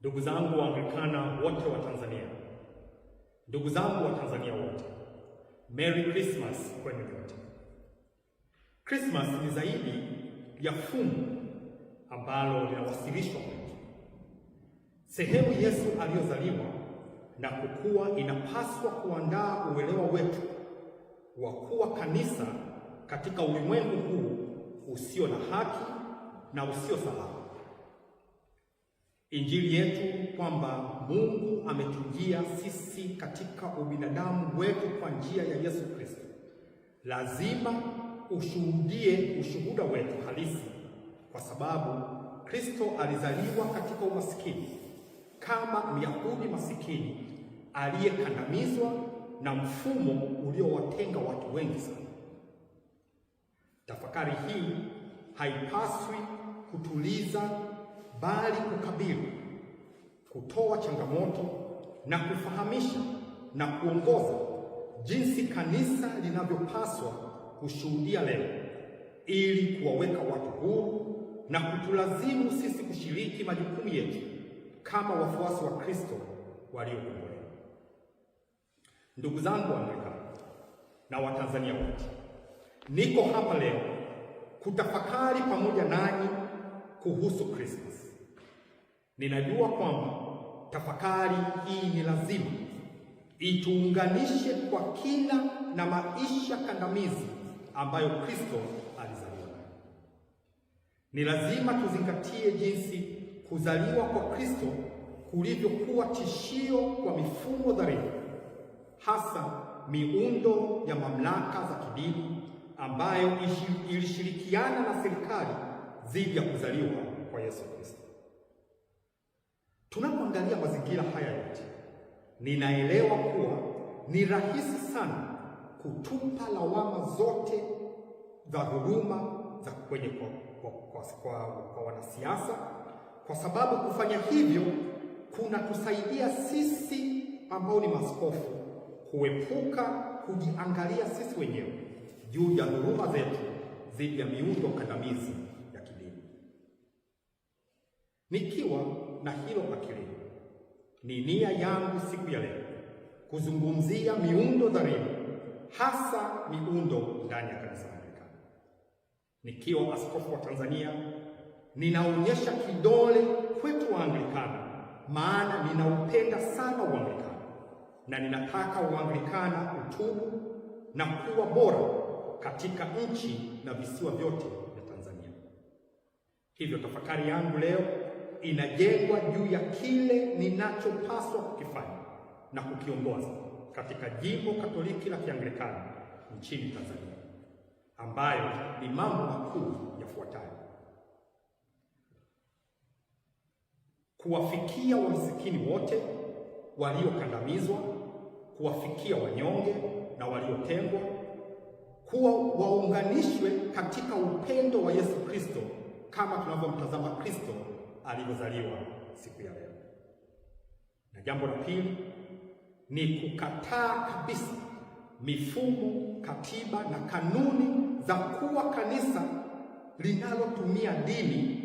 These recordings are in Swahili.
Ndugu zangu Waanglikana wote wa Tanzania, ndugu zangu wa Tanzania wote, Merry Christmas kwenu nyote. Christmas ni zaidi ya fumu ambalo linawasilishwa kwetu. Sehemu Yesu aliyozaliwa na kukua inapaswa kuandaa uelewa wetu wa kuwa kanisa katika ulimwengu huu usio na haki na usio salama. Injili yetu kwamba Mungu ametujia sisi katika ubinadamu wetu kwa njia ya Yesu Kristo. Lazima ushuhudie ushuhuda wetu halisi, kwa sababu Kristo alizaliwa katika umasikini kama Myahudi masikini aliyekandamizwa na mfumo uliowatenga watu wengi sana. Tafakari hii haipaswi kutuliza bali kukabili, kutoa changamoto na kufahamisha na kuongoza jinsi kanisa linavyopaswa kushuhudia leo ili kuwaweka watu huru na kutulazimu sisi kushiriki majukumu yetu kama wafuasi wa Kristo waliokombolewa. Ndugu zangu wa Amerika na Watanzania wote, niko hapa leo kutafakari pamoja nanyi kuhusu Krismasi. Ninajua kwamba tafakari hii ni lazima ituunganishe kwa kina na maisha kandamizi ambayo Kristo alizaliwa Ni lazima tuzingatie jinsi kuzaliwa kwa Kristo kulivyokuwa tishio kwa mifumo dhalimu, hasa miundo ya mamlaka za kidini ambayo ilishirikiana na serikali dhidi ya kuzaliwa kwa Yesu Kristo. Tunapoangalia mazingira haya yote, ninaelewa kuwa ni rahisi sana kutupa lawama zote za huruma za kwenye kwa, kwa, kwa, kwa, kwa wanasiasa kwa sababu kufanya hivyo kunatusaidia sisi ambao ni maskofu kuepuka kujiangalia sisi wenyewe juu ya huruma zetu dhidi ya miundo kandamizi ya kidini nikiwa na hilo akilini. Ni nia yangu siku ya leo kuzungumzia miundo dhalimu, hasa miundo ndani ya kanisa Anglikana. Nikiwa askofu wa Tanzania, ninaonyesha kidole kwetu Waanglikana, maana ninaupenda sana Uanglikana na ninataka Uanglikana utubu na kuwa bora katika nchi na visiwa vyote vya Tanzania. Hivyo tafakari yangu leo inajengwa juu ya kile ninachopaswa kukifanya na kukiongoza katika jimbo Katoliki la Kianglikana nchini Tanzania, ambayo ni mambo makuu yafuatayo: kuwafikia wamasikini wote, waliokandamizwa, kuwafikia wanyonge na waliotengwa, kuwa waunganishwe katika upendo wa Yesu Kristo kama tunavyomtazama Kristo alivyozaliwa siku ya leo. Na jambo la pili ni kukataa kabisa mifumo, katiba na kanuni za kuwa kanisa linalotumia dini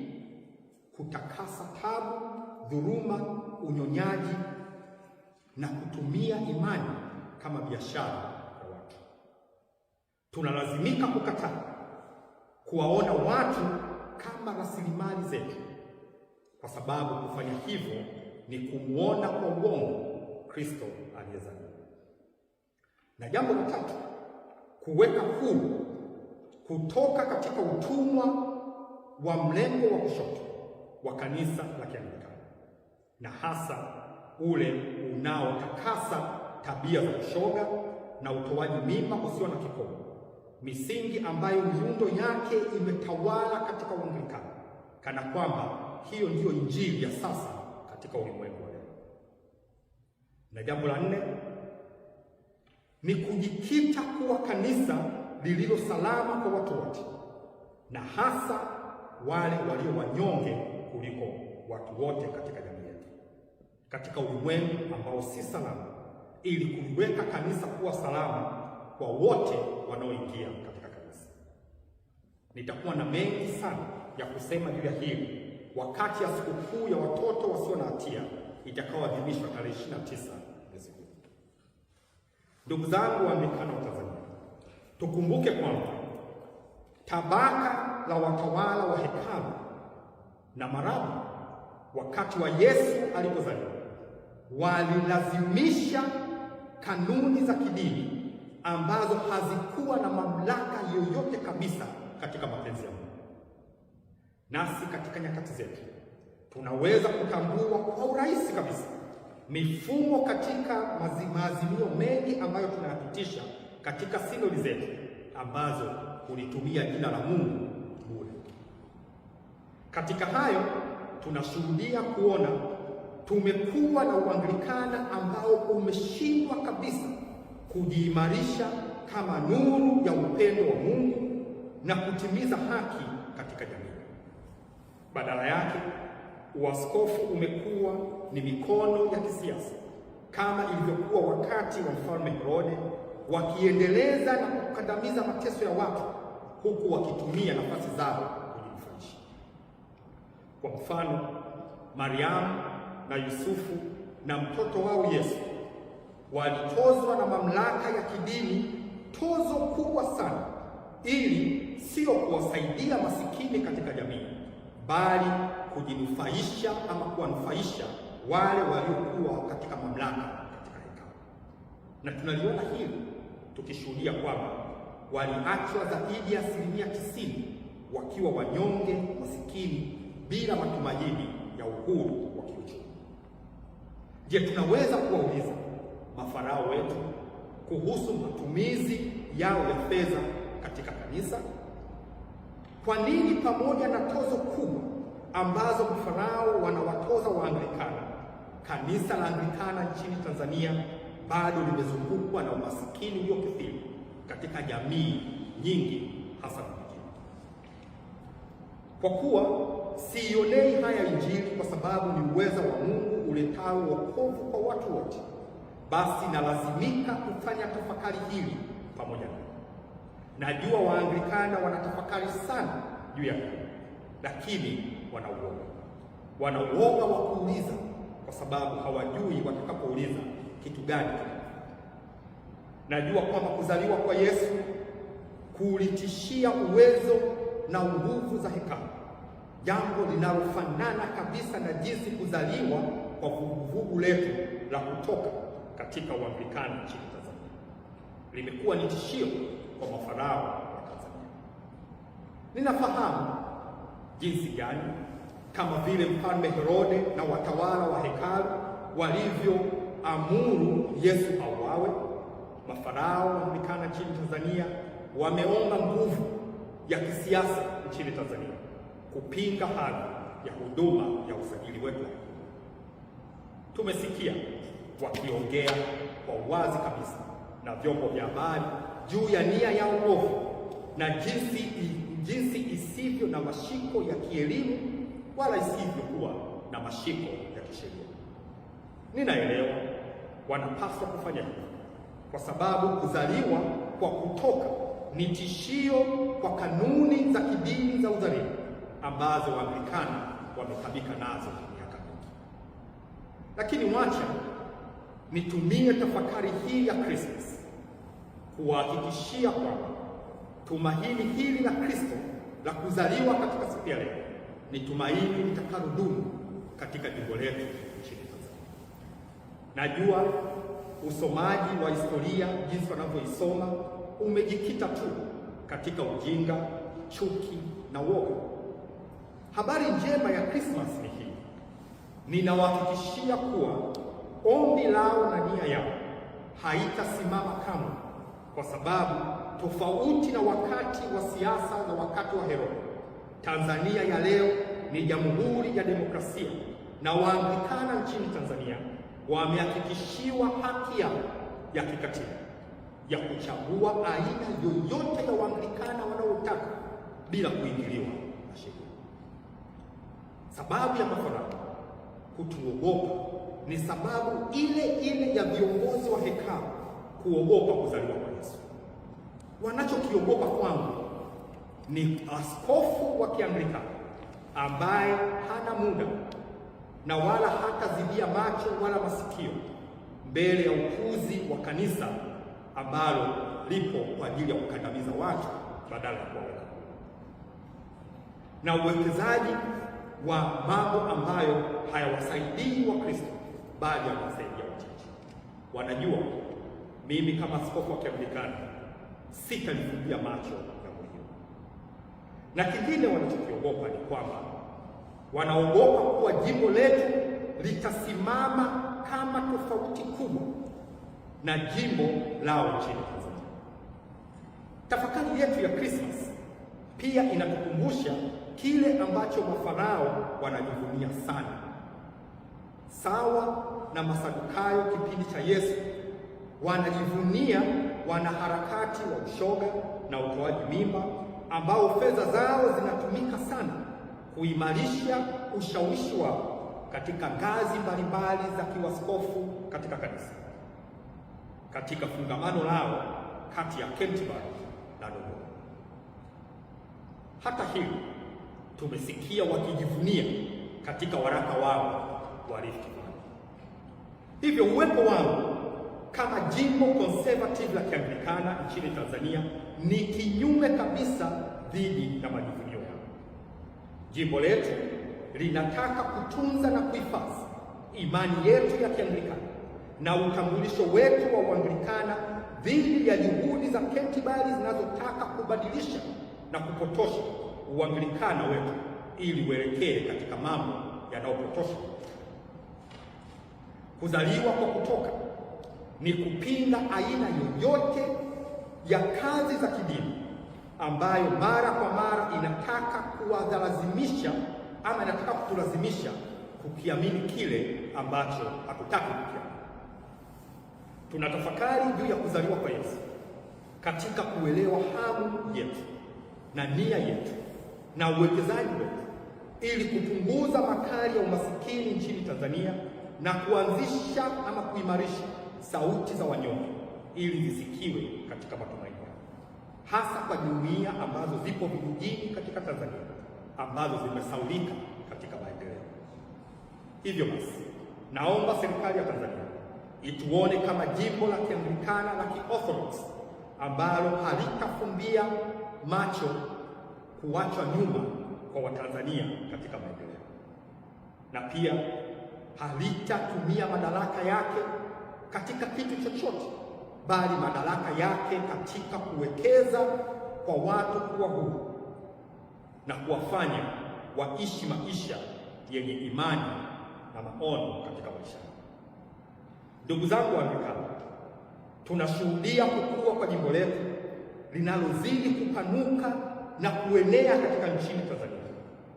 kutakasa tabu, dhuluma, unyonyaji na kutumia imani kama biashara kwa watu. Tunalazimika kukataa kuwaona watu kama rasilimali zetu kwa sababu kufanya hivyo ni kumwona kwa uongo Kristo aliyezaliwa. Na jambo la tatu, kuweka huru kutoka katika utumwa wa mlengo wa kushoto wa kanisa la Kianglikana, na hasa ule unaotakasa tabia za kushoga na utoaji mimba usio na kikomo, misingi ambayo miundo yake imetawala katika Uanglikana, kana kwamba hiyo ndiyo injili ya sasa katika ulimwengu wa leo. Na jambo la nne ni kujikita kuwa kanisa lililo salama kwa watu wote, na hasa wale walio wanyonge kuliko watu wote katika jamii yetu, katika ulimwengu ambao si salama, ili kuliweka kanisa kuwa salama kwa wote wanaoingia katika kanisa. Nitakuwa na mengi sana ya kusema juu ya hili wakati ya sikukuu ya watoto wasio na hatia itakaoadhimishwa tarehe 29 mwezi huu. Ndugu zangu waanglikana wa Tanzania, tukumbuke kwamba tabaka la watawala wa hekalu na marabu wakati wa Yesu alipozaliwa walilazimisha kanuni za kidini ambazo hazikuwa na mamlaka yoyote kabisa katika mapenzi ya Mungu. Nasi katika nyakati zetu tunaweza kutambua kwa urahisi kabisa mifumo katika maazimio mengi ambayo tunayapitisha katika sinodi zetu ambazo kulitumia jina la Mungu bure. Katika hayo tunashuhudia kuona tumekuwa na Uanglikana ambao umeshindwa kabisa kujiimarisha kama nuru ya upendo wa Mungu na kutimiza haki katika jamii. Badala yake uaskofu umekuwa ni mikono ya kisiasa kama ilivyokuwa wakati wa mfalme Herode, wakiendeleza na kukandamiza mateso ya watu huku wakitumia nafasi zao kujinufaisha. Kwa mfano, Mariamu na Yusufu na mtoto wao Yesu walitozwa na mamlaka ya kidini tozo kubwa sana, ili sio kuwasaidia masikini katika jamii bali kujinufaisha ama kuwanufaisha wale waliokuwa katika mamlaka katika hekalu. Na tunaliona hili tukishuhudia kwamba waliachwa zaidi ya asilimia tisini wakiwa wanyonge, masikini, bila matumaini ya uhuru wa kiuchumi. Je, tunaweza kuwauliza mafarao wetu kuhusu matumizi yao ya fedha katika kanisa? Kwa nini pamoja na tozo kubwa ambazo mfarao wanawatoza Waanglikana, kanisa la Anglikana nchini Tanzania bado limezungukwa na umasikini uliokithiri katika jamii nyingi, hasa vijijini. Kwa kuwa siionei haya Injili kwa sababu ni uweza wa Mungu uletao wokovu kwa watu wote, basi nalazimika kufanya tafakari hili pamoja na Najua Waanglikana wanatafakari sana juu ya huu, lakini wanauoga, wanauoga wa kuuliza, kwa sababu hawajui watakapouliza kitu gani. Najua kwamba kuzaliwa kwa Yesu kulitishia uwezo na nguvu za hekalu, jambo linalofanana kabisa na jinsi kuzaliwa kwa vuguvugu letu la kutoka katika Uanglikana nchini Tanzania limekuwa ni tishio kwa mafarao wa Tanzania. Ninafahamu jinsi gani kama vile Mfalme Herode na watawala wa hekalu walivyoamuru Yesu auawe, mafarao wanajulikana nchini Tanzania wameomba nguvu ya kisiasa nchini Tanzania kupinga hali ya huduma ya usajili wetu. Tumesikia wakiongea kwa uwazi kabisa na vyombo vya habari juu ya nia ya uovu na jinsi, jinsi isivyo na mashiko ya kielimu wala isivyokuwa na mashiko ya kisheria. Ninaelewa wanapaswa kufanya hivyo kwa sababu kuzaliwa kwa kutoka ni tishio kwa kanuni za kidini za uzalimu ambazo Waanglikana wametabika nazo miaka mingi, lakini wacha nitumie tafakari hii ya Krismasi kuwahakikishia kwamba tumaini hili la Kristo la kuzaliwa katika siku ya leo ni tumaini litakalodumu katika jimbo letu nchini Tanzania. Najua usomaji wa historia jinsi wanavyoisoma umejikita tu katika ujinga, chuki na uoga. Habari njema ya Krismasi ni hii: ninawahakikishia kuwa ombi lao na nia yao haitasimama kamwe kwa sababu tofauti na wakati wa siasa na wakati wa Herode, Tanzania ya leo ni jamhuri ya demokrasia, na Waanglikana nchini Tanzania wamehakikishiwa haki yao ya kikatiba ya kuchagua aina yoyote ya Waanglikana wanaotaka bila kuingiliwa na sheria. Sababu ya mafaraka kutuogopa ni sababu ile ile ya viongozi wa hekalu kuogopa kuzaliwa wanachokiogopa kwangu ni askofu wa Kianglikana ambaye hana muda na wala hatazibia macho wala masikio mbele ya ukuzi wa kanisa ambalo lipo kwa ajili ya kukandamiza watu badala ya kuwaona, na uwekezaji wa mambo ambayo hayawasaidii wa kristo bali yanawasaidia wachache. Wanajua mimi kama askofu wa Kianglikana sitalifumbia macho ya muhimu. Na kingine wanachokiogopa ni kwamba wanaogopa kuwa jimbo letu litasimama kama tofauti kubwa na jimbo lao nchini Tanzania. Tafakari yetu ya Christmas pia inatukumbusha kile ambacho mafarao wanajivunia sana, sawa na Masadukayo kipindi cha Yesu wanajivunia wanaharakati wa ushoga na utoaji mimba ambao fedha zao zinatumika sana kuimarisha ushawishi wao katika ngazi mbalimbali za kiwaskofu katika kanisa. Katika fungamano lao kati ya Canterbury na Dodoma. Hata hivyo, tumesikia wakijivunia katika waraka wao wa Rift Valley. Hivyo uwepo wao kama jimbo conservative la Kianglikana nchini Tanzania ni kinyume kabisa dhidi na yao Jimbo letu linataka kutunza na kuhifadhi imani yetu ya Kianglikana na utambulisho wetu wa Uanglikana dhidi ya juhudi za kentibali zinazotaka kubadilisha na kupotosha Uanglikana wetu ili uelekee katika mambo yanayopotosha kuzaliwa kwa kutoka ni kupinga aina yoyote ya kazi za kidini ambayo mara kwa mara inataka kuwalazimisha ama inataka kutulazimisha kukiamini kile ambacho hakutaki kukiamini. Tunatafakari juu ya kuzaliwa kwa Yesu katika kuelewa hamu yetu na nia yetu na uwekezaji wetu ili kupunguza makali ya umasikini nchini Tanzania na kuanzisha ama kuimarisha sauti za wanyonge ili zisikiwe katika matumaini yao, hasa kwa jumuiya ambazo zipo vijijini katika Tanzania ambazo zimesaulika katika maendeleo. Hivyo basi, naomba serikali ya Tanzania ituone kama jimbo la Kianglikana la Kiorthodoksi ambalo halitafumbia macho kuachwa nyuma kwa Watanzania katika maendeleo na pia halitatumia madaraka yake katika kitu chochote, bali madaraka yake katika kuwekeza kwa watu kuwa huru na kuwafanya waishi maisha yenye imani na maono katika maisha. Ndugu zangu Waanglikana, tunashuhudia kukua kwa jimbo letu linalozidi kupanuka na kuenea katika nchini Tanzania,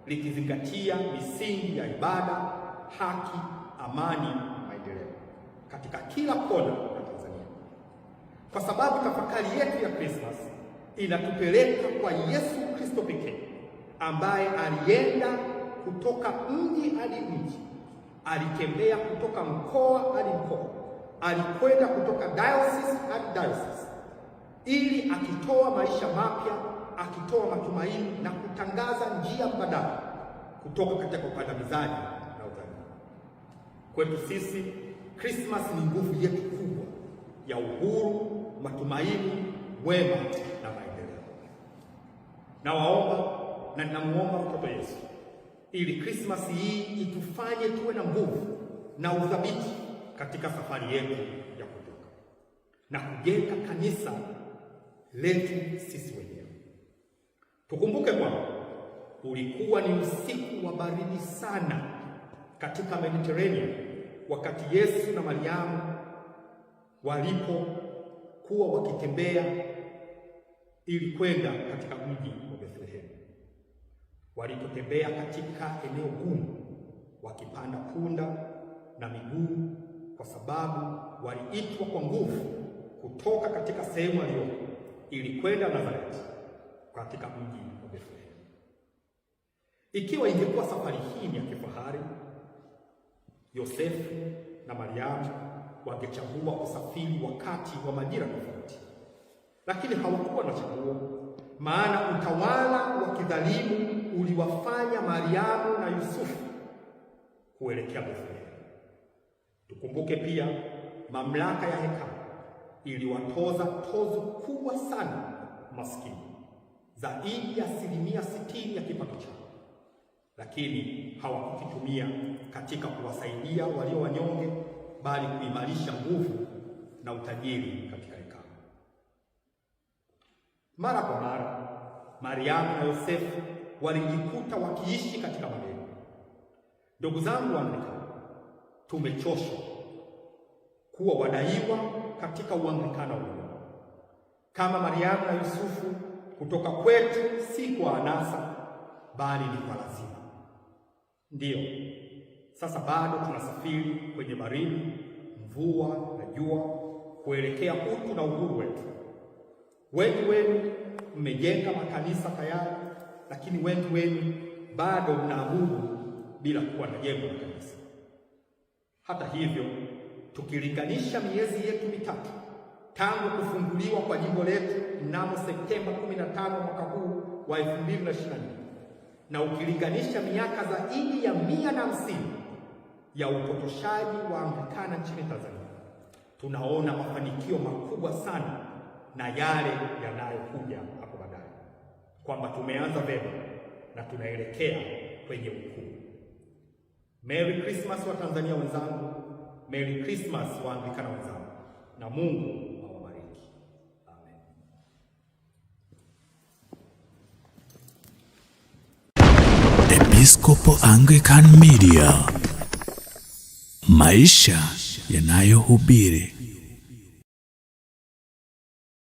likizingatia misingi ya ibada, haki, amani katika kila kona ya Tanzania, kwa sababu tafakari yetu ya Krismas inatupeleka kwa Yesu Kristo pekee ambaye alienda kutoka mji hadi mji, alitembea kutoka mkoa hadi mkoa, alikwenda kutoka diocese hadi diocese, ili akitoa maisha mapya, akitoa matumaini na kutangaza njia mbadala kutoka katika ukandamizaji na udhalimu. Kwetu sisi Christmas ni nguvu yetu kubwa ya uhuru, matumaini, wema na maendeleo. Nawaomba na ninamuomba mtoto Yesu ili Krismasi hii itufanye tuwe na nguvu na uthabiti katika safari yetu ya kutoka na kujenga kanisa letu sisi wenyewe. Tukumbuke kwamba ulikuwa ni usiku wa baridi sana katika Mediterranean wakati Yesu na Mariamu walipokuwa wakitembea ili kwenda katika mji wa Bethlehemu. Walipotembea katika eneo gumu, wakipanda punda na miguu, kwa sababu waliitwa kwa nguvu kutoka katika sehemu waliyoko ili kwenda Nazareti, katika mji wa Bethlehemu. Ikiwa ingekuwa safari hii ya kifahari Yosefu na Mariamu wangechagua kusafiri wakati wa majira tofauti, lakini hawakuwa na chaguo, maana utawala wa kidhalimu uliwafanya Mariamu na Yusufu kuelekea Bethlehemu. Tukumbuke pia mamlaka ya hekalu iliwatoza tozo kubwa sana maskini, zaidi ya asilimia sitini ya kipato chao lakini hawakukitumia katika kuwasaidia walio wanyonge, bali kuimarisha nguvu na utajiri katika hekalu. Mara kwa mara Mariamu na Yosefu walijikuta wakiishi katika madeni. Ndugu zangu Waanglikana, tumechoshwa kuwa wadaiwa katika uanglikana huu. Kama Mariamu na Yusufu, kutoka kwetu si kwa anasa, bali ni kwa lazima. Ndiyo, sasa bado tunasafiri kwenye baridi, mvua na jua kuelekea utu na uhuru wetu. Wengi wenu mmejenga makanisa tayari, lakini wengi wenu bado mnaabudu bila kuwa na jengo la kanisa. Hata hivyo, tukilinganisha miezi yetu mitatu tangu kufunguliwa kwa jimbo letu mnamo Septemba 15 mwaka huu wa 2024 na ukilinganisha miaka zaidi ya mia na hamsini ya upotoshaji wa Anglikana nchini Tanzania, tunaona mafanikio makubwa sana na yale yanayokuja hapo baadaye, kwamba tumeanza vema na tunaelekea kwenye ukuu. Merry Christmas wa Tanzania wenzangu, Merry Christmas wa Anglikana wenzangu, na Mungu Episcopal Anglican Media, maisha yanayohubiri.